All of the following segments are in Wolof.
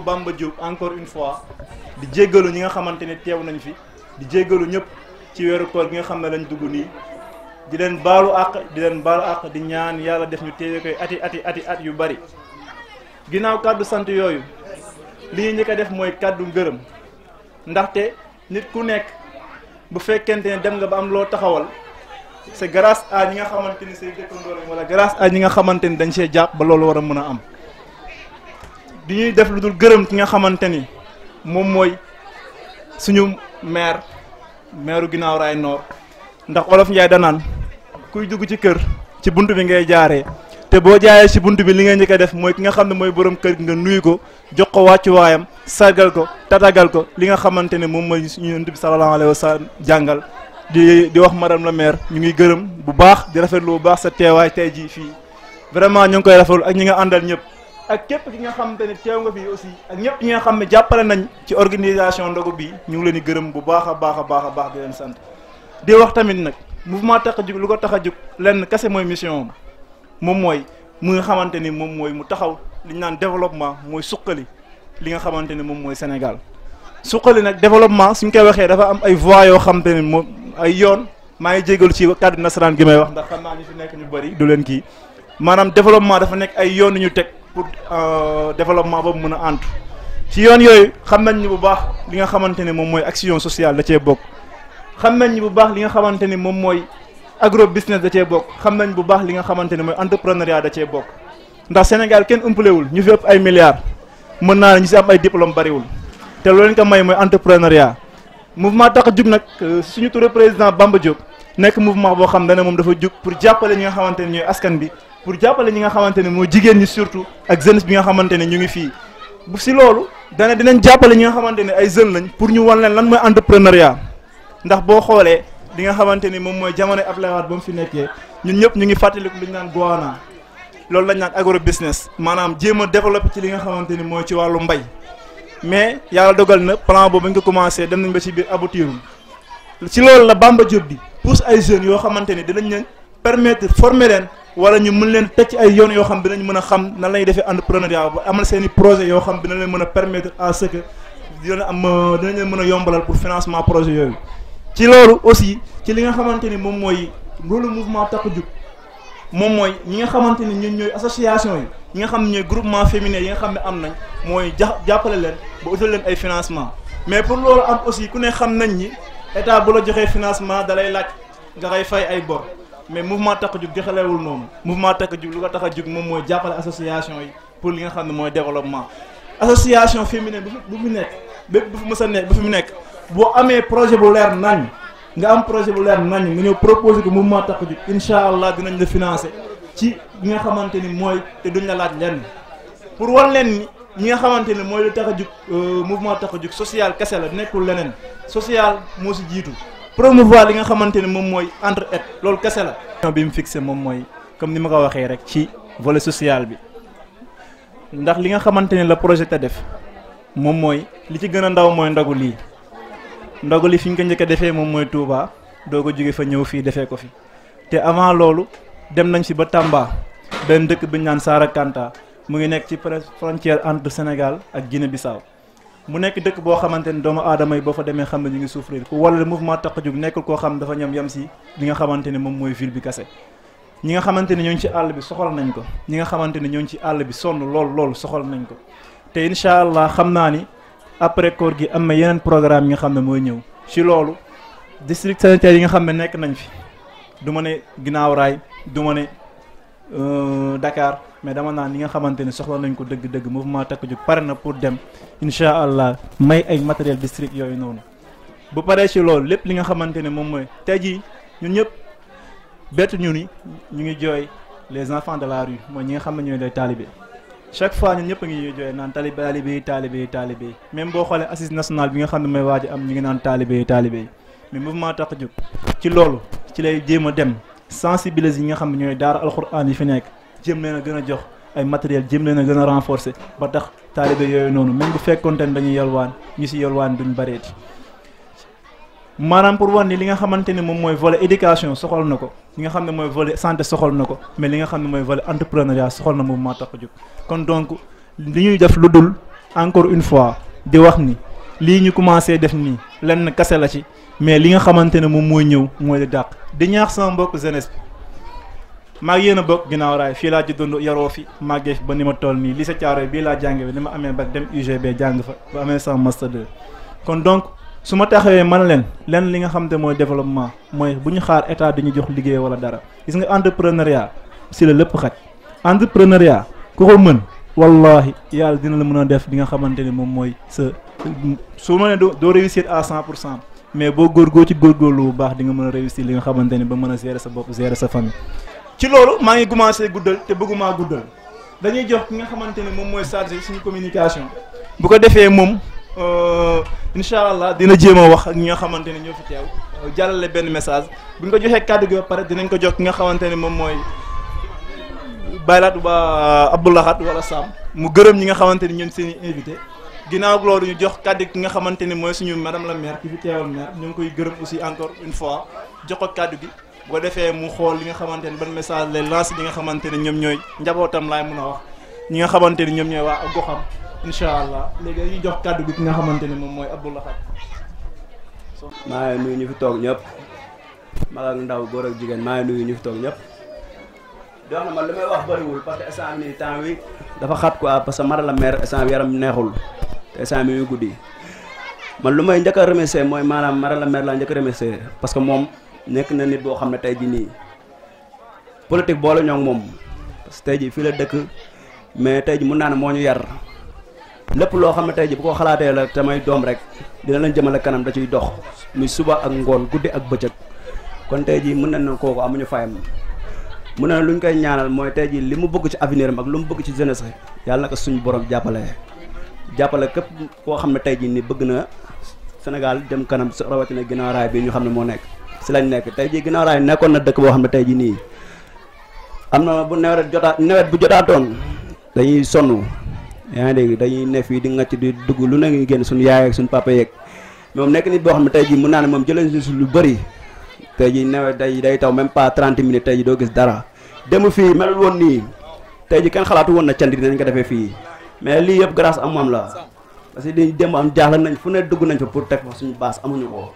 turu Bamba Diop encore une fois di jéggalu ñi nga xamante ne teew nañu fi di jéggalu ñëpp ci weeru koor gi nga xam ne lañ dugg nii di leen baalu àq di leen baalu àq di ñaan yàlla def ñu teewe koy ati ati ati at yu bari ginnaaw kàddu sant yooyu li ñu njëkk a def mooy kàddu ngërëm ndaxte nit ku nekk bu fekkente ne dem nga ba am loo taxawal c'est grâce à ñi nga xamante ni say dëkkandoo wala grâce à ñi nga xamante ni dañ see jàpp ba loolu war a mën a am di ñuy def lu dul gërëm ki nga xamante ni moom mooy suñu maire maireu ginnaaw raay noor ndax olof njaay danaan kuy dugg ci kër ci bunt bi ngay jaaree te boo jaaree ci bunt bi li ngay njëkk def mooy ki nga xam ne mooy borom kër gi nga nuyu ko jox ko waayam sargal ko tatagal ko li nga xamante ne moom mooy suñu yonent bi sallallahu alayhi wa jàngal di di wax madame la maire ñu ngi gërëm bu baax di rafetlu bu baax sa teewaay tey jii fii vraiment ñu ngi koy rafetlu ak ñi nga àndal ñëpp ak képp ki nga xamante ne teew nga fii aussi ak ñëpp ñi nga xam ne jàppale nañ ci organisation ndogu bi ñu ngi leen di gërëm bu baax a baax a baax a baax di leen sant di wax tamit nag mouvement tax a lu ko tax a jug lenn kese mooy mission moom mooy mu nga xamante ni moom mooy mu taxaw li ñu naan développement mooy suqali li nga xamante ni moom mooy Sénégal suqali nag développement suñ koy waxee dafa am ay voies yoo xam ne moom ay yoon maa ngi jégalu ci kàddu nasaraan bi may wax ndax xam naa ñu fi nekk ñu bëri du leen kii maanaam développement dafa nekk ay yoon yu ñu teg. pour euh, développement boobu mun a ant ci yoon yooyu xam nañ ni bu baax li nga xamante ne moom mooy action sociale da cee bokk xam nañ ni bu baax li nga xamante ni moom mooy agro business da cee bokk xam nañ bu baax li nga xamante ne mooy entrepreneuriat da cee bokk ndax Sénégal kenn ëmpalewul ñu fi ëpp ay milliards mën naa ne ñu si am ay diplôme bariwul te loolu leen ko may mooy entrepreneuriat mouvement tax a jug nag euh, suñu turé président Bamba Diop nekk mouvement boo xam ne moom dafa jug pour jàppale ñi nga xamante ne ñooy askan bi pour jàppale ñi nga xamante ne mooy jigéen ñi surtout ak jeunesse bi nga xamante ne ñu ngi fii bu si loolu dana dinañ jàppale ñi nga xamante ne ay jeunes lañ pour ñu wan leen lan mooy entrepreneuriat ndax boo xoolee di nga xamante ni moom mooy jamono Abdoulaye Wade ba mu fi nekkee ñun ñëpp ñu ngi fàttaliku lu ñu naan goana loolu lañ naan agro business maanaam jéem a développé ci li nga xamante ni mooy ci wàllu mbay mais yàlla dogal na plan boobu bañ commencé dem nañ ba ci biir aboutirul ci loolu la Bamba Diop di ay jeunes yoo xamante ni dinañ leen permettre former leen wala ñu mën leen teg ci ay yoon yoo xam dinañ mën a xam nan la ñuy defee entrepreneuriat ba amal seen i projet yoo xam dina leen mën a permettre à ce que am dinañ leen mën a yombalal pour financement projet yooyu ci loolu aussi ci li nga xamante ni moom mooy loolu mouvement takku jug moom mooy ñi nga xamante ni ñu ñooy association yi ñi nga xam ne ñooy groupement féminin yi nga xam ne am nañ mooy ja jàppale leen ba utal leen ay financement mais pour loolu am aussi ku ne xam nañ ñi état bu la joxee financement da lay laaj nga koy fay ay bor mais mouvement takku jug doxaleewul noonu mouvement takku jug lu ko tax a jug moom mooy jàppale association yi pour li nga xam ne mooy développement association féminine bu bu mu nekk bépp bu fi mës a nekk bu fi mu nekk boo amee projet bu leer nañ nga am projet bu leer nañ nga ñëw proposer ko mouvement takku jug incha allah dinañ la financé ci li nga xamante ni mooy te duñ la laaj lenn pour wan leen ni ñi nga xamante ni mooy lu tax a jug euh, mouvement takku jug social kese la nekkul leneen social moo si jiitu. promouvoir li nga xamante ne moom mooy entre et loolu kese la. question bi fixé moom mooy comme ni ma ko waxee rek ci vole social bi ndax li nga xamante ne la projet te def moom mooy li ci gën a ndaw mooy ndogu lii ndogu li fi ñu ko njëkk a defee moom mooy Touba doo ko jóge fa ñëw fii defee ko fi te avant loolu dem nañ fi ba Tamba benn dëkk bi naan naan kanta mu ngi nekk ci frontière entre Sénégal ak Guinée Bissau mu nekk dëkk boo xamante ni doomu aadama yi boo fa demee xam ne ñu ngi souffrir ku wala mouvement takku jóg nekkul koo xam dafa ñam yam si li nga xamante ne moom mooy ville bi kase ñi nga xamante ne ñoo ngi ci àll bi soxal nañ ko ñi nga xamante ni ñoo ngi ci àll bi sonn lool lool soxla nañ ko te incha allah xam naa ni après koor gi am na yeneen programme yi nga xam ne mooy ñëw ci loolu district sanitaire yi nga xam ne nekk nañ fi du ma ne ginnaaw raay du ne euh, Dakar mais dama naan li nga xamante ni soxla nañ ko dëgg-dëgg mouvement takku jóg pare na pour dem incha allah may ay matériel district yooyu noonu. bu paree ci loolu lépp li nga xamante ne moom mooy tey jii ñun ñëpp bett ñu ni ñu ngi jooy les enfants de la rue mooy ñi nga xam ne ñooy lay taalibe chaque fois ñun ñëpp a ngi jooy naan taalibe taalibe yi taalibe yi taalibe yi boo xoolee assise nationale bi nga xam ne mooy waaj am ñu ngi naan taalibe yi taalibe yi mais mouvement takku jóg ci loolu ci lay jéem a dem sensibiliser yi nga xam ne ñooy daara alxuraan yi fi nekk. jëm leen a gën a jox ay matériel jëm leen a gën a renforcer ba tax taalibe yooyu noonu même bu fekkoonte ne dañuy yalwaan ñu si yalwaan duñ bareeti maanaam pour wan ni li nga xamante ne moom mooy volet éducation soxal na ko li nga xam ne mooy volet santé soxal na ko mais li nga xam ne mooy volet entrepreneuriat soxal na moom maa tax a jóg kon donc li ñuy def lu dul encore une fois di wax ni lii ñu commencé def nii lenn kase la ci mais li nga xamante ne moom mooy ñëw mooy di dàq di maa ngi yéen a bokk ginnaaw raay fii laa ci dund yaroo fi màggee fi ba ni ma toll nii lycée Thiaroye bii laa jànge bi ni ma amee bac dem UGB jàng fa ba amee sa master 2 kon donc su ma taxawee man leen lenn li nga xam te mooy développement mooy bu ñu xaar état di ñu jox liggéey wala dara gis nga entrepreneuriat si la lépp xaj entrepreneuriat ku ko mën wallahi yàlla dina la mën a def di nga xamante ni moom mooy sa su ma ne doo réussir à cent pour cent mais boo góor góorgóor ci góorgóorlu bu baax dinga mën a réussir li nga xamante ni ba mën a gérer sa bopp gérer sa famille ci loolu maa ngi commencé guddal te bëggumaa guddal dañuy jox ki nga xamante ne moom mooy chargé suñu communication bu ko defee moom euh, incha allah dina jéem a wax ak ñi nga xamante ne ñoo fi teew euh, jàllale benn message bu ko joxee kàddu gi ba dinañ ko jox ki nga xamante ne moom mooy baylaat ba euh, Abdoulahat wala Sam mu gërëm ñi nga xamante ni ñoom seen i invité ginnaaw loolu ñu jox kàddu ki nga xamante ne mooy suñu madame la maire ki fi teewal maire ñu ngi koy gërëm aussi encore une fois jox ko kàddu gi boo defee mu xool li nga xamante ni ban message lay lancer ñi nga xamante ne ñoom ñooy njabootam laay mun a wax ñi nga xamante ni ñoom ñooy waa ak goxam incha allah léegi dañuy jox kàddu gi ki nga xamante ne moom mooy Abdou Lahad. maa ngi nuyu ñu fi toog ñëpp mag ndaw góor ak jigéen maa ngi ñu fi toog ñëpp. dox na man li may wax bëriwul parce que instant bii temps yi dafa xat quoi parce que mara la mer instant bi yaram neexul te instant bi ñu guddi man lu may njëkk a remercier mooy maanaam la mer laa parce que moom. nekk na nit boo xam ne tey jii nii politique boole ñoo moom parce que tey jii fii la dëkk mais tey jii mun naa ne moo ñu yar lépp loo xam ne tey jii bu ko xalaatee la tamay doom rek dina leen jëmale kanam da ciy dox muy suba ak ngoon guddi ak bëccëg kon tey jii mën na ne kooku amuñu fayam mun na lu ñu koy ñaanal mooy tey jii li mu bëgg ci avenir am ak lu mu bëgg ci jeunesse yàlla na ko suñu borom jàppale jàppale képp koo xam ne tey jii nii bëgg na Sénégal dem kanam rawatina ginnaaw raay bi ñu xam ne moo nekk. si lañ nekk tey jii ginnaaw raay nekkoon na dëkk boo xam ne tey jii nii am na bu nawet jotaat nawet bu jotaatoon dañuy sonn yaa ngi dañuy ne fii di ngacc di dugg lu ne ngi suñu yaay ak suñu papa yeeg moom nekk nit boo xam ne tey jii mun naa ne moom jëlee si lu bari tey jii nawet day day taw même pas 30 minutes tey jii doo gis dara dem fii melul woon nii tey jii kenn xalaatu woon na candi dinañ ko defee fii mais lii yëpp grâce am moom la parce que dañuy dem am jaaxle nañ fu ne dugg nañ fa pour teg fa suñu baas amuñu ko.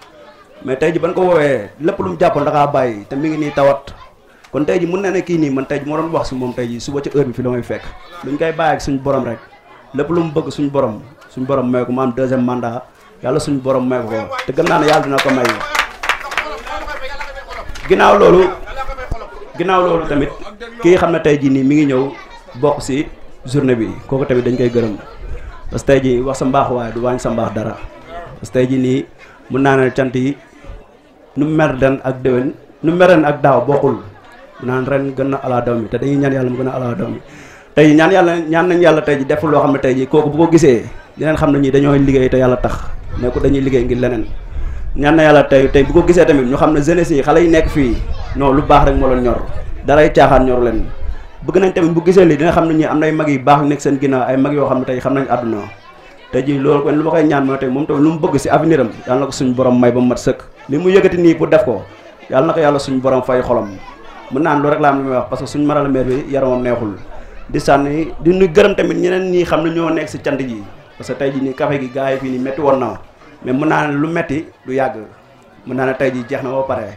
mais tey ji ban ko woowee lépp lu mu jàppoon da kaa bàyyi te mi ngi nii tawat kon tey ji mun na ne kii nii man tey ji moo doon wax si moom tey ji suba ci heure bi fi la may fekk koy bàyyi ak suñu borom rek lépp lu mu bëgg suñu borom suñu borom may ko ma am deuxième mandat yàlla suñ borom may ko ko te gëm naa ne yàlla dina ko may ginnaaw loolu ginnaaw loolu tamit ki xam ne tey jii nii mi ngi ñëw bokk si journée bi kooku tamit dañ koy gërëm parce que tey jii wax sa mbaax waaye du wàññi sa mbaax dara mun naa ne cant yi nu mer den ak déwén nu meren ak daaw bokkul mun naa ne ren gën na alaa daw mi te dañuy ñaan yàlla mu gën a alaa daw te tey ñaan yàlla ñaan nañ yàlla tey ji def loo xam ne tey ji kooku bu ko gisee dineen xam ne ñi dañoo liggéey te yàlla tax ne ko dañuy liggéey ngir leneen ñaan na yàlla tey tey bu ko gisee tamit ñu xam ne jeunesse yi xale yi nekk fii non lu baax rek moo leen ñor daray caaxaan ñor leen bëgg nañ tamit bu gisee lii dina xam ne ñi am nay mag yu baax nekk seen ginnaaw ay mag yoo xam ne tey xam nañ àdduna te ji loolu kon lu ma koy ñaan mooy tey moom tamit lu mu bëgg si avenir am yàlla na ko suñu borom may ba mu mat sëkk li mu yëkkati nii pour def ko yàlla na ko yàlla suñu borom fay xolam mu naan loolu rek laa am lu may wax parce que suñu maral maire bi yaramam neexul di sànni di ñu gërëm tamit ñeneen nii xam ne ñoo nekk si cant ji parce que tey ji nii café gi gars yi fii nii métti woon na mais mun naa ne lu metti du yàgg mun naa ne tey ji jeex na ba pare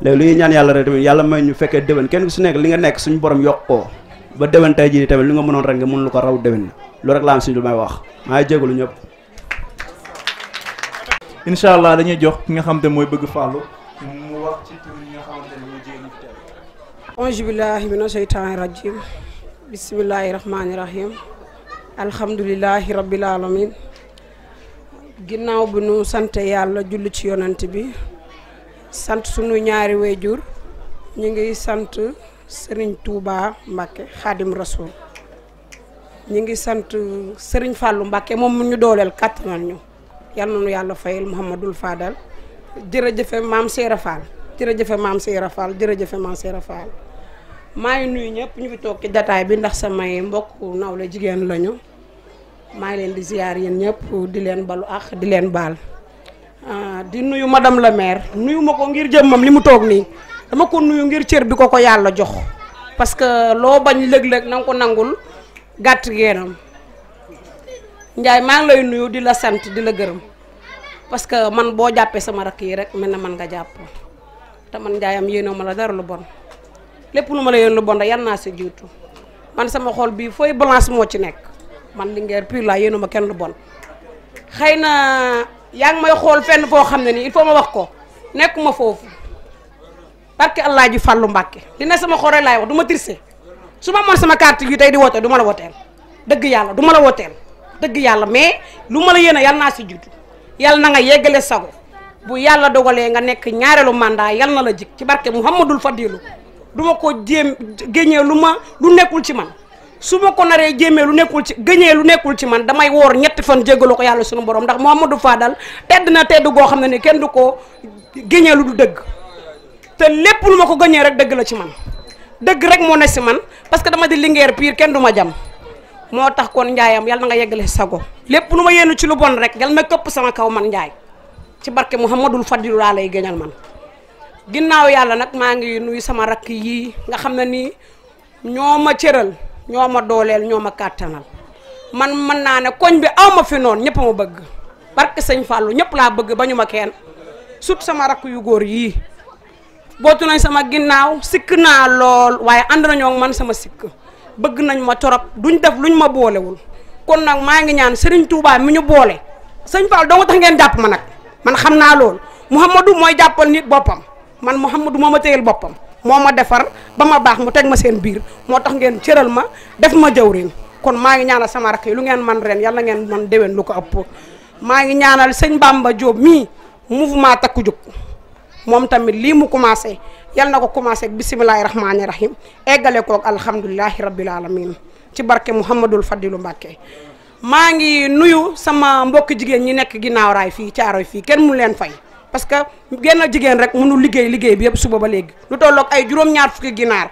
léegi lu ñuy ñaan yàlla rek tamit yàlla may ñu fekkee kenn ku si nekk li nga nekk suñu borom yokk ko ba déwén tey ji tamit nga mënoon rek nga mën lu ko raw loolu rek laa am si lu may wax maa ngi jégalu ñëpp. incha allah dañuy jox ki nga xam te mooy bëgg fàllu mu wax ci tur yi nga xamante ne mooy jéem a. auzu bismillaahi rahmaani rahiim alhamdulillaahi rabbil aalamiin ginnaaw bi nu sant yàlla julli ci yonant bi sant sunu ñaari wayjur ñu ngi sant Serigne Touba Mbacke Xaadim Rasoul. ñu ngi sant Serigne fàllu Mbacke moom mu ñu dooleel kàttanal ñu yal na nu yàlla fayal Mouhamadul Fadal jërëjëfe maam Seera Fall jërëjëfe maam Seera Fall jërëjëfe maam Seera Fall maa ngi nuyu ñëpp ñu fi toog ci jataay bi ndax samay mbokk nawle jigéen lañu maa ngi leen di ziar yéen ñëpp di leen balu ak di leen baal ah, di nuyu madame la maire nuyu ma ko ngir jëmmam li mu toog nii dama ko nuyu ngir cër bi ko ko yàlla jox parce que loo bañ lëg-lëg na ko nangul gàtt geenam Njaay maa ngi lay nuyu di la sant di la gërëm parce que man boo jàppee sama rakk yi rek mel na man nga jàpp te man Njaay am yéenoo ma la dara lu bon lépp lu ma la yéen lu bon rek yal naa sa jiitu man sama xool bii fooy balance moo ci nekk man Linguère pur la yéenoo ma kenn lu bon xëy na yaa ngi may xool fenn foo xam ne nii il faut ma wax ko nekkuma foofu barke ji Fàllu Mbàkke li ne sama xol laay wax du ma tirsee su ma moon sama carte yi tey di woote du ma la wooteel dëgg yàlla du ma la wooteel dëgg yàlla mais lu ma la yéene yàlla naa si judd yàlla na nga yeggale sago bu yàlla dogalee nga nekk ñaareelu mandat yàlla na la jik ci barke Muhammadul Fadilu du ma ko jéem géñee lu ma lu nekkul ci man su ko naree jéemee lu nekkul ci géñee lu nekkul ci man damay woor ñetti fan jéggalu ko yàlla sunu borom ndax Muhammadu Fadal tedd na tedd goo xam ne ni kenn du ko géñee lu du dëgg te lépp lu ma ko géñee rek dëgg la ci man dëgg rek moo ne si man parce que dama di lingeer pire kenn du ma jam moo tax kon njaayam yal na nga yeggale sago lépp nu ma yéenu ci lu bon rek yal na këpp sama kaw man njaay ci barke mu Muhammadul Fadilu laa lay gëñal man ginnaaw yàlla nag maa ngi nuyu sama rakk yii nga xam ne nii ñoo ma cëral ñoo ma dooleel ñoo ma kàttanal man mën naa ne koñ bi aw ma fi noonu ñëpp ma bëgg barke sëñ Fallou ñëpp laa bëgg ba ma kenn sut sama rakk yu góor yii bootu nañ sama ginnaaw sikk naa lool waaye ànd nañoo man sama sikk bëgg nañ ma torop duñ def lu ñu ma boolewul kon nag maa ngi ñaan Serigne Touba mi ñu boole sëñ Fall doo nga tax ngeen jàpp ma nag man xam naa loolu Mouhamadou mooy jàppal nit boppam man Mouhamadou moo ma téyel boppam moo ma defar ba ma baax mu teg ma seen biir moo tax ngeen cëral ma def ma jawriñ kon maa ngi ñaanal sama rakk yi lu ngeen man ren yàlla ngeen man déwén lu ko ëpp maa ngi ñaanal sëñ Bamba Diop mii mouvement takku jóg moom tamit lii mu commencé yal na ko commencé ak bisimilahi rahmaani rahim eggale koog alhamdulilahi rabil alamin ci barke Mouhamadul Fadilu Mbàkke maa ngi nuyu sama mbokk jigéen ñi nekk ginnaaw raay fii yi fii kenn mu leen fay parce que genn jigéen rek mënu liggéey liggéey bi yëpp suba ba léegi lu tolloog ay juróom-ñaar fukki ginaar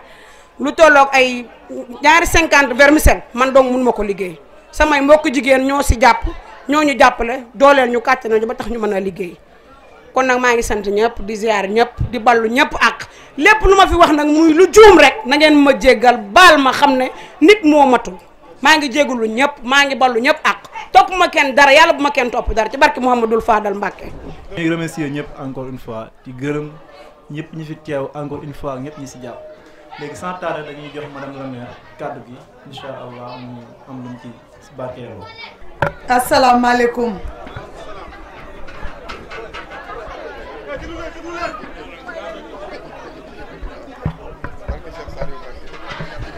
lu tollook ay ñaari cinquante vermicelle man dong mun ma ko liggéey samay mbokk jigéen ñoo si jàpp ñoo ñu jàppale dooleel ñu kàtt nañu ba tax ñu mën a liggéey kon nag maa ngi sant ñëpp di ziar ñëpp di ballu ñëpp ak lépp lu ma fi wax nag muy lu juum rek na ngeen ma jéggal baal ma xam ne nit moo matul maa ngi jégalu ñëpp maa ngi ball ñëpp ak topp ma kenn dara yàlla bu ma kenn topp dara ci barke Mouhamadul Fadal Mbacke. ñu ngi remercier ñëpp encore une fois di gërëm ñëpp ñi fi teew encore une fois ñëpp ñi si jàpp léegi sans tarder dañuy jox ma la maire kàddu gi incha allah mu am lu mu ci si barkeeloo. asalaamaaleykum.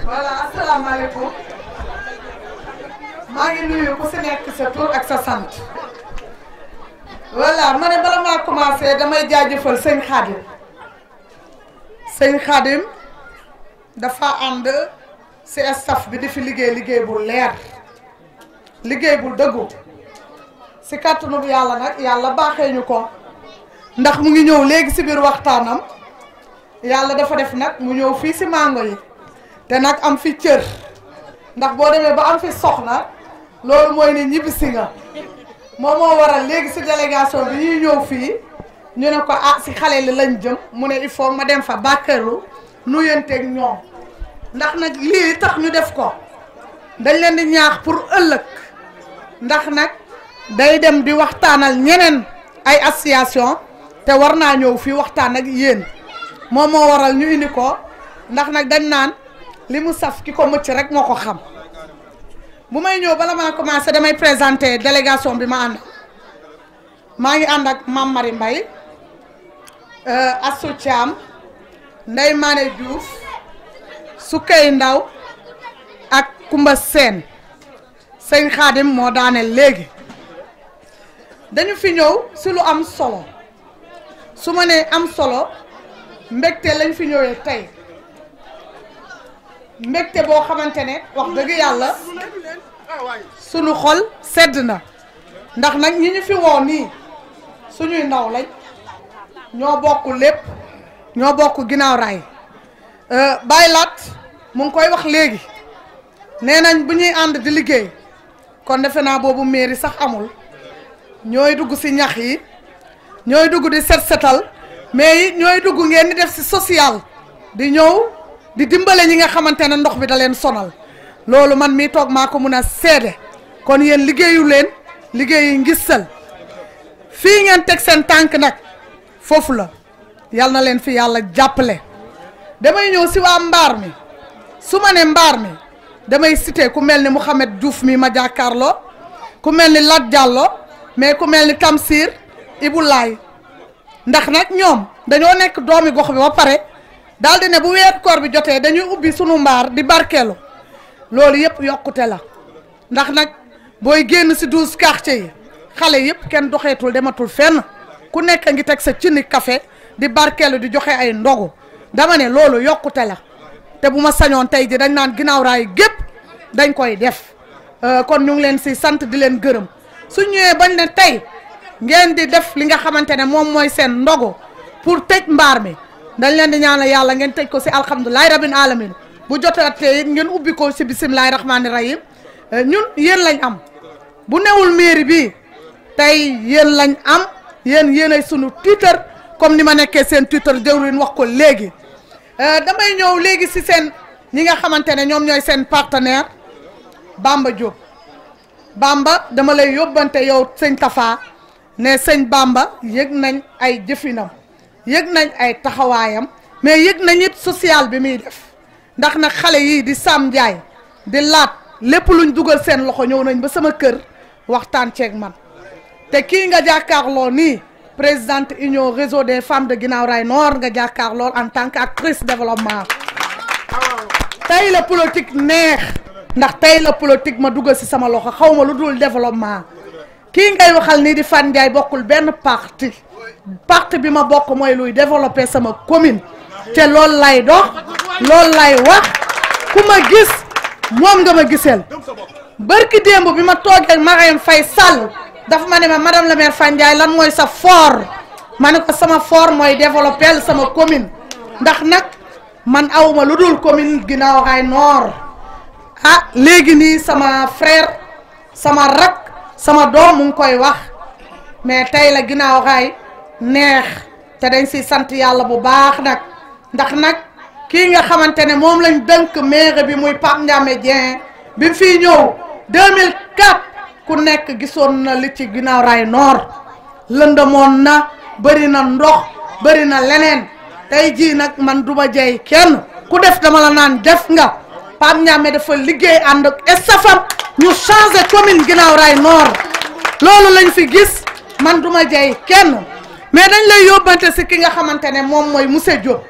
voilà asalaamaaleykum maa ngi nuyu ku si nekk sa tur ak sa sant voilà ma bala maa commencé damay jaajëfal sëñ Xaadim sëñ Xaadim dafa ànd si staff bi di fi liggéey liggéey bu leer liggéey bu dëggu si kàttanu yàlla nag yàlla baaxee ñu ko. ndax mu ngi ñëw léegi si biir waxtaanam yàlla dafa def nag mu ñëw fii si mango yi te nag am fi cër ndax boo demee ba am fi soxna loolu mooy ne ñibbisi nga moom moo waral léegi si délégation bi ñuy ñëw fii ñu ne ko ah si xale li lañ jëm mu ne il faut ma dem fa bàkkeelu nuyanteeg ñoom ndax nag lii tax ñu def ko dañ leen di ñaax pour ëllëg ndax nag day dem di waxtaanal ñeneen ay association te war naa ñëw fii waxtaan ak yéen moo moo waral ñu indi ko ndax nag dañ naan li mu saf ki ko mëcc rek moo ko xam bu may ñëw bala maa commencé damay présenté délégation bi ma ànd maa ngi ànd ak Mame Marie Mbaye nday euh, Thiam Ndeye Mané Diouf Ndaw ak Kumba seen sëñ Xaadim moo daane léegi dañu fi ñëw si lu am solo su ma nee am solo mbégte lañ fi ñëwee tey mbégte boo xamante ne wax dëgg yàlla sunu xol sedd na ndax nag ñi ñu fi woo nii suñuy ndaw lañ ñoo bokk lépp ñoo bokk ginnaaw raay euh, bàyyi laat mu ngi koy wax léegi nee nañ bu ñuy ànd di liggéey kon defe naa boobu mairie sax amul ñooy dugg si ñax yi ñooy dugg di set setal mais ñooy dugg ngeen di def si social di ñëw di dimbale ñi nga xamante ne ndox bi da leen sonal loolu man mi toog maa ko mën a seede kon yéen liggéeyu leen liggéey liggéeyi ngistal fii ngeen teg seen tànk nag foofu la yal na leen fi yàlla jàppale damay ñëw si waa mbaar mi su ma ne mbaar mi damay cité ku mel ni Mouhamed Diouf mi ma jàkkaarloo ku mel ni Lat Diallo mais ku mel ni Tamsir Ibou laay ndax nag ñoom dañoo nekk doomi gox bi ba pare daal di ne bu weer koor bi jotee dañuy ubbi sunu mbaar di barkeelu loolu yëpp yokkute la ndax nag booy génn si douze quartiers yi xale yëpp kenn doxeetul dematul fenn ku nekk ngi teg sa cini kafe di barkeelu di joxe ay ndogu dama ne loolu yokkute la te bu ma sañoon tey ji dañ naan ginnaaw raay gépp dañ koy def euh, kon ñu ngi leen si sant di leen gërëm su ñëwee bañ ne tey ngeen di def li nga xamante ne moom mooy seen ndogu pour tëj mbaar mi dañ leen di ñaanal yàlla ngeen tëj ko si alhamdulilahi rabbil alamin bu jotatee it ngeen ubbi ko si bisimilahi rahmaani rahim eh, ñun yéen lañ am bu newul mairie bi tey yéen lañ am yéen yéenay sunu Twitter comme ni ma nekkee seen Twitter jëwriñ wax ko léegi eh, damay ñëw léegi si seen ñi nga xamante ne ñoom ñooy seen partenaire Bamba Diop Bamba dama lay yóbbante yow sëñ Tafa ne sëñ Bamba yëg nañ ay jëfinam yëg nañ ay taxawaayam mais yëg nañ it sociale bi muy def ndax nag xale yi di Sam Ndiaye di laat lépp luñ dugal seen loxo ñëw nañ ba sama kër waxtaan ceeg man te kii nga jàkkaarloo nii présidente union réseau de femmes de Guinaw Rail Nord nga jàkkaarloo en tant que actrice développement tey la politique neex ndax tey la politique ma dugal si sama loxo xaw ma lu dul développement kii ngay waxal nii di Fane bokkul benn parti parti bi ma bokk mooy luy développer sama commune te lool lay dox loolu lay wax ku ma gis moom nga ma giseel barki démb bi ma toogee ak Marième Faye Sall dafa ma ne ma madame la maire Fane lan mooy sa fort ma ne ko sama fort mooy développer sama commune ndax nag man awma lu dul commune Guinaw Rails noor ah léegi nii sama frère sama rak sama doom mu ngi koy wax mais tey la ginnaaw raay neex te dañ si sant yàlla bu baax nag ndax nag kii nga xamante ne moom lañ dënk maire bi muy Pape Ndiamé Dieng bi mu fiy ñëw 2004 ku nekk gisoon na li ci ginnaaw raay noor lëndamoon na bari na ndox bëri na leneen tey jii nag man duma jey kenn ku def dama la naan def nga Pape Niamé dafa liggéey ànd ak estafam ñu changé commune Guinaw Rail Nord loolu lañ fi gis man duma ma kenn mais dañ lay yóbbante si ki nga xamante ne moom mooy monsieur Diop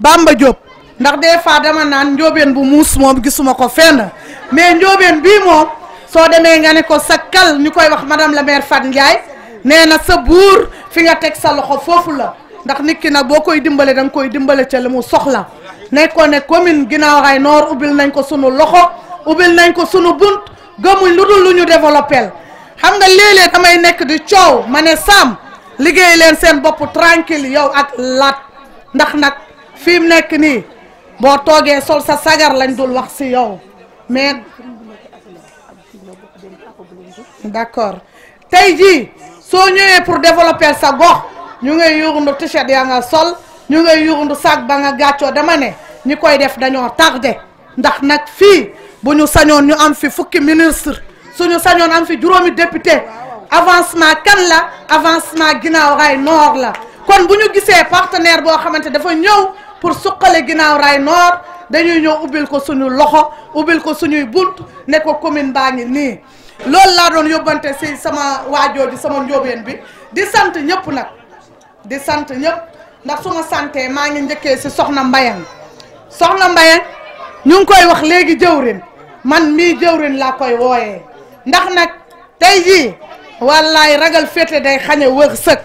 Bamba Diop ndax des fois dama naan njóobeen bu muus moom gisuma ko fenn mais njóobeen bii moom soo demee nga ne ko sa kal ñu koy wax madame la maire Fat Ndiaye nee na sa buur fi nga teg sa loxo foofu la ndax nit ki nag boo koy dimbale da koy dimbale ca li mu soxla nekkoon ne commune Guinaw Rails Nord ubbil nañ ko sunu loxo ubbil nañ ko sunu bunt gëmuñ lu dul lu ñu développé xam nga léeg-léeg damay nekk di coow ma ne Sam liggéey leen seen bopp tranquille yow ak laat ndax nag fi mu nekk nii boo toogee sol sa sagar lañ dul wax si yow mais d'accord tey jii soo ñëwee pour développer sa gox ñu ngay yuuxu ndu t-shirt yaa nga sol ñu ngay yuxundu saag ba nga gàccoo dama ne ñi koy def dañoo tardé ndax nag fii bu ñu sañoon ñu am fi fukki ministre suñu sañoon am fi juróomi député avancement kan la avancement ginnaaw raay noor la kon bu ñu gisee partenaire boo xamante dafa ñëw pour suqale ginnaaw raay noor dañuy ñëw ubbil ko suñu loxo ubbil ko suñuy bunt ne ko commune baa nii loolu laa doon yóbbante si sama waajoo di sama njóobeen bi di sant ñëpp nag di sant ñëpp ndax su ma santé maa ngi njëkkee si soxna Mbayang soxna Mbayang ñu ngi koy wax léegi jëwrin man mii jëwrin laa koy wooyee ndax nag tey jii wallaay ragal féete day xañe wërsëg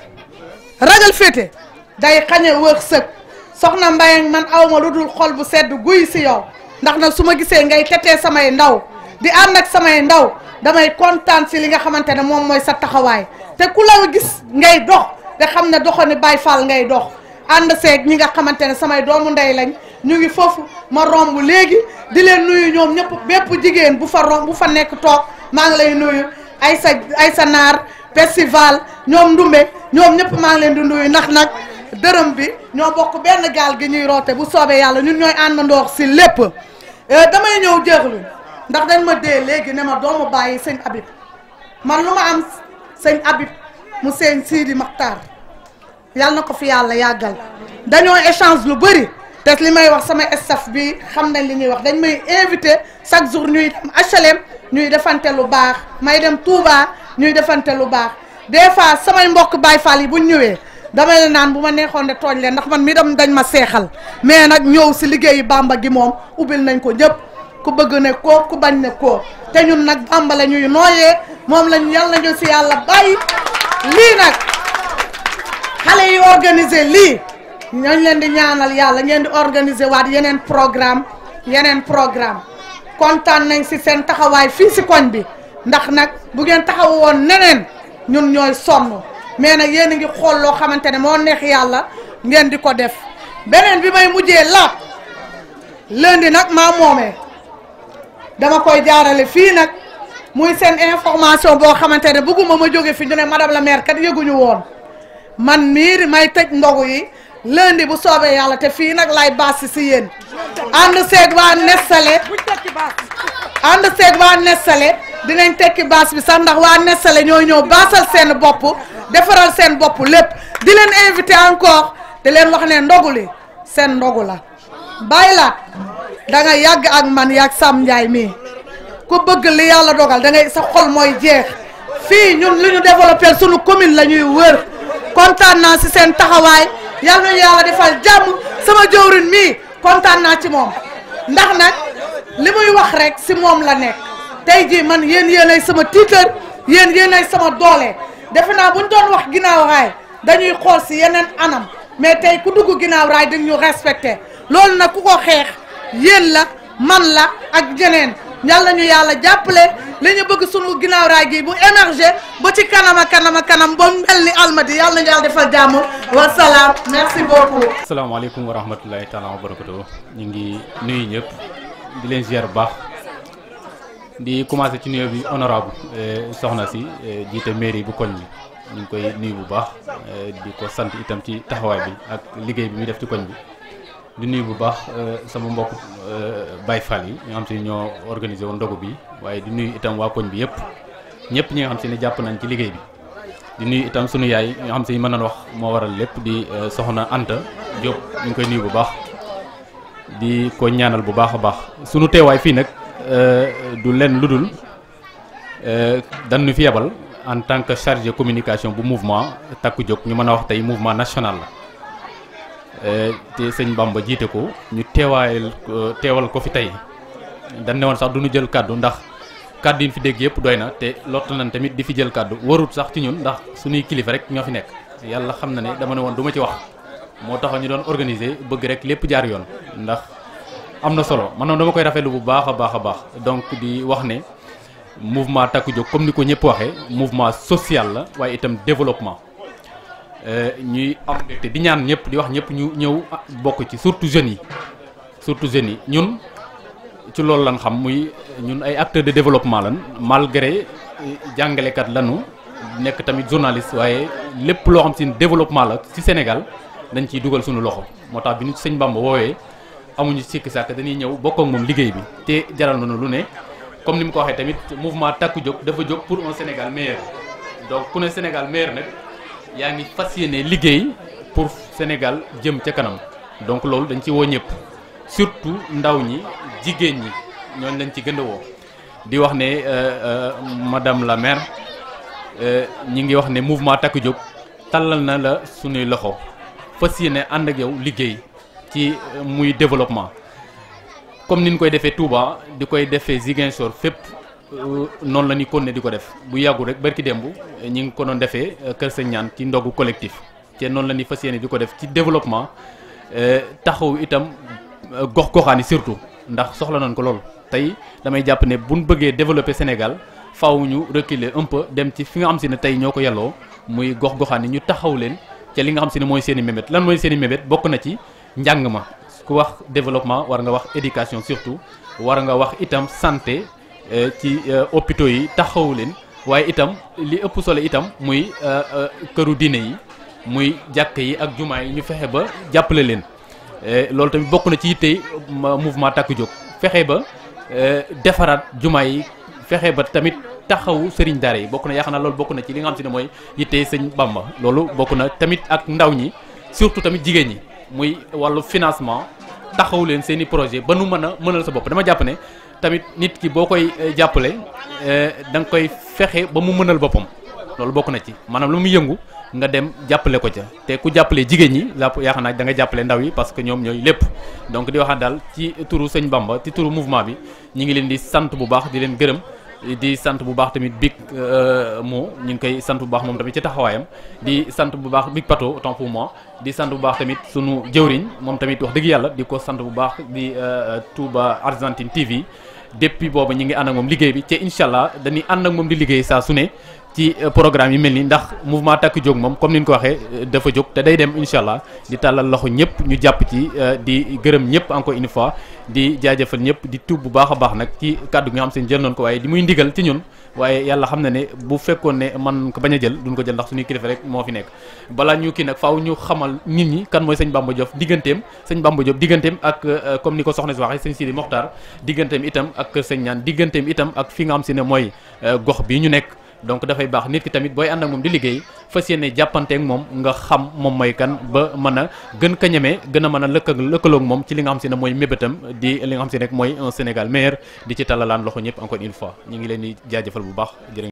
ragal féete day xañe wërsëg soxna Mbayang man awma lu dul xol bu sedd guy si yow ndax nag su ma gisee ngay tetee samay ndaw di ànd ak samay ndaw damay kontaan si li nga xamante ne moom mooy sa taxawaay te ku la gis ngay dox te xam ne doxani Baay Faal ngay dox ànd seeg ñi nga xamante ne samay doomu ndey lañ ñu ngi foofu ma romb léegi di leen nuyu ñoom ñëpp bépp jigéen bu fa romb bu fa nekk toog maa ngi lay nuyu ay sa ay sa naar festival ñoom ndumbe ñoom ñëpp maa ngi leen di nuyu ndax nag dërëm bi ñoo bokk benn gaal gi ñuy roote bu soobee yàlla ñun ñooy àndandoo si lépp eh, damay ñëw jeexlu ndax dañ ma dee léegi ne ma doomu bàyyi sëñ Habib man lu ma am sëñ Habib mu sëñ Sidi Makhtar yàlla na ko fi yàlla yàggal dañoo échange lu bëri te li may wax sama staff bi xam nañ li may wax dañ may invité chaque jour ñuy dem HLM ñuy defante lu baax may dem Touba ñuy defante lu baax des fois samay mbokk Baye Fall yi bu ñu ñëwee damay la naan bu ma neexoon de tooñ leen ndax man mi dem dañ ma seexal mais nag ñëw si liggéeyu bàmba gi moom ubbil nañ ko ñëpp ku bëgg ne koo ku bañ ne koo te ñun nag Bamba la ñuy nooyee moom lañ yàlla nañu si yàlla bàyyi xale yi organise lii ñooñ leen di ñaanal yàlla ngeen di organiser waat yeneen programme yeneen programme kontaan nañ si seen taxawaay fii si koñ bi ndax nag bu ngeen taxaw woon neneen ñun ñooy sonn mais nag yéen a ngi xool loo xamante ne moo neex yàlla ngeen di ko def beneen bi may mujjee laat lundi nag maa moomee dama koy jaarale fii nag muy seen information boo xamante ne bëgguma ma jóge fi ñu ne madame la maire kat yëguñu woon man miir may tëj ndogu yi lundi bu soobee yàlla te fii nag lay baasi si yéen ànd seeg waa Nestlé ànd seeg waa Nestlé dinañ tekki baas bi sax ndax waa Nestlé ñoo ñëw baasal seen bopp defaral seen bopp lépp di leen invité encore te leen wax ne ndogu li seen ndogu la bàyyi laat da yàgg ak man yàgg Sam Ndiaye mii ku bëgg li yàlla dogal da ngay sa xol mooy jeex fii ñun lu ñu développé sunu commune la ñuy wër kontaan naa si seen taxawaay yal nañu yàlla defal jàmm sama jëwrin mii kontaan naa ci moom ndax nag li muy wax rek si moom la nekk tey jii man yéen yéenay sama tiitër yéen yéenay sama doole defe naa buñ doon wax ginnaaw raay dañuy xool si yeneen anam mais tey ku dugg ginnaaw raay dañ ñu respecté loolu nag ku ko xeex yéen la man la ak jeneen yàlla ñu yàlla jàppale li ñu bëgg sunu ginnaaw raay gi bu émerger ba ci kanama kanama kanam ba mel ni almadi yàlla ñu yàlla defal jàmm wasalaam merci beaucoup. asalaamaaleykum wa rahmatulahi taala wa barakatu ñu ngi nuyu ñëpp di leen ziar bu baax di commencé ci nuyu bi honorable eh, soxna si eh, jiite mairie bu koñ bi ñu ngi koy nuyu bu baax eh, di ko sant itam ci taxawaay bi ak liggéey bi muy def ci koñ bi. di nuyu bu baax euh, sama mbokk euh, Baye Fall yi nga xam si ñoo organisé ndogu bi waaye di nuyu itam waa koñ bi yëpp ñëpp ñi xam si ne jàpp nañ ci liggéey bi di nuyu itam sunu yaay nga xam si mën nañ wax moo waral lépp di euh, soxna Anta Diop ñu ngi koy nuyu bu baax di ko ñaanal bu baax a baax sunu teewaay fii nag du leen lu dul dañu fi yebal en tant que chargé communication bu mouvement takku jóg ñu mën a wax tey mouvement national la Eh, te sëñ Bamba jiite ko ñu teewaayal teewal ko fi tey dañ ne woon sax du ñu jël kàddu ndax kàddu yi fi dégg yëpp doy na te lott nañ tamit di fi jël kàddu warut sax ci ñun ndax suñuy kilifa rek ñoo fi nekk yàlla xam na ne dama ne woon duma ma ci wax moo tax ñu doon organiser bëgg rek lépp jaar yoon ndax am na solo man dama koy rafetlu bu baax a baax a baax donc di wax ne mouvement takk jóg comme ni ko ñëpp waxee mouvement social la waaye itam développement. Euh, ñuy am te di ñaan ñëpp di wax ñëpp ñu ñëw ah, bokk ci surtout jeunes yi surtout jeunes yi ñun ci loolu lan xam muy ñun ay acteurs de développement lan malgré euh, jàngalekat lanu nekk tamit journaliste waaye lépp loo xam si développement la ci Sénégal dañ ciy dugal suñu loxo moo tax bi ñu sëñ Bamba woowee amuñu sikki sàkk dañuy ñëw bokk ak moom liggéey bi te jaral na lu ne comme ni mu ko waxee tamit mouvement takku jóg dafa jóg pour un Sénégal meilleur donc Sénégal nag. yaa ngi fas yéene liggéey pour Sénégal jëm ca kanam donc loolu dañ ci woo ñëpp surtout ndaw ñi jigéen ñi ñooñu lañ ci gën a woo di wax ne euh, euh, madame la maire euh, ñi ngi wax ne mouvement takk jóg tàllal na la suñuy loxo fas yéene ànd ak yow liggéey ci muy développement comme ni ñu koy defee Touba di koy defee Ziguinchor fépp. Euh, noonu la ñuy continuer di ko def bu yàggul rek barki démb ñi ngi ko doon defee euh, Kër Sëñ Ñaan ci ndogu collectif te noonu la ñuy fa yéene di ko def ci développement euh, taxaw itam gox goxaan yi surtout ndax soxla nañ ko lool tey damay jàpp ne bu buñ bëggee développer Sénégal faaw ñu reculer un dem ci fi nga xam si ne tey ñoo ko yàlloo muy gox goxaan yi ñu taxaw leen ca li nga xam si ne mooy seen i mébét lan mooy seen i mébét bokk na ci njàng ma ku wax développement war nga wax éducation surtout Euh, ci euh, hôpitaux yi taxawu leen waaye itam li ëpp solo itam muy euh, këru diine yi muy jàkk yi ak jumaa yi ñu fexe ba jàppale leen loolu tamit bokk na ci yitte mouvement takku jóg fexe ba defaraat jumaa yi fexe ba tamit taxawu sëriñ dara yi bokk na yaakaar naa loolu bokk na ci li nga xam si ne mooy yitte sëñ Bamba loolu bokk na tamit ak ndaw ñi surtout tamit jigéen ñi muy wàllu financement taxawu leen seen i projet ba nu mën a mënal sa bopp dama jàpp ne tamit nit ki boo koy eh, jàppale eh, da nga koy fexe ba mu mënal boppam loolu bokk na ci maanaam lu mu yëngu nga dem jàppale ko ca te ku jàppale jigéen ñi jàpp yaakaar naa da nga jàppale ndaw yi parce que ñoom ñooy lépp donc di waxaat daal ci turu sëñ Bamba ci turu mouvement bi ñu ngi leen di sant bu baax di leen gërëm di sant bu baax tamit big euh, moo ñu ngi koy sant bu baax moom tamit ci taxawaayam di sant bu baax big pato autant pour di sant bu baax tamit sunu jëwriñ moom tamit wax dëgg yàlla di ko sant bu baax di euh, Touba Argentine TV depuis booba ñu ngi ànd ak moom liggéey bi te incha allah dañuy ànd ak moom di liggéey saa su ne ci euh, programme yi mel ni ndax mouvement takk jóg moom comme ni ñu ko waxee euh, dafa jóg te day dem incha allah di tàllal loxo ñëpp ñu jàpp ci euh, di gërëm ñëpp encore une fois di jaajëfal ñëpp di tuub bu baax a baax nag ci kaddu gi nga xam seen jël noonu ko waaye di muy ndigal ci ñun waaye yàlla xam na ne bu fekkoon ne man ko bañ a jël duñ ko jël ndax suñuy kilifa rek moo fi nekk balaa ñu kii nag faw ñu xamal nit ñi kan mooy sëñ Bamba Diop digganteem sëñ Bamba Diop digganteem ak euh, comme ni ko soxna si waxee sëñ Sidi Mokhtar digganteem itam ak sëñ ñaan digganteem itam ak fi nga xam si ne mooy euh, gox bi ñu nekk donc dafay baax nit ki tamit booy ànd ak moom di liggéey fa yéene jàppante moom nga xam moom mooy kan ba mën a gën ka gën a mën a lëkka lëkkaloog moom ci li nga xam si ne mooy mébétam di li nga xam si ne rek mooy un Sénégal meilleur di ci talalaan loxo ñëpp encore une fois ñu ngi leen di jaajëfal bu baax jërë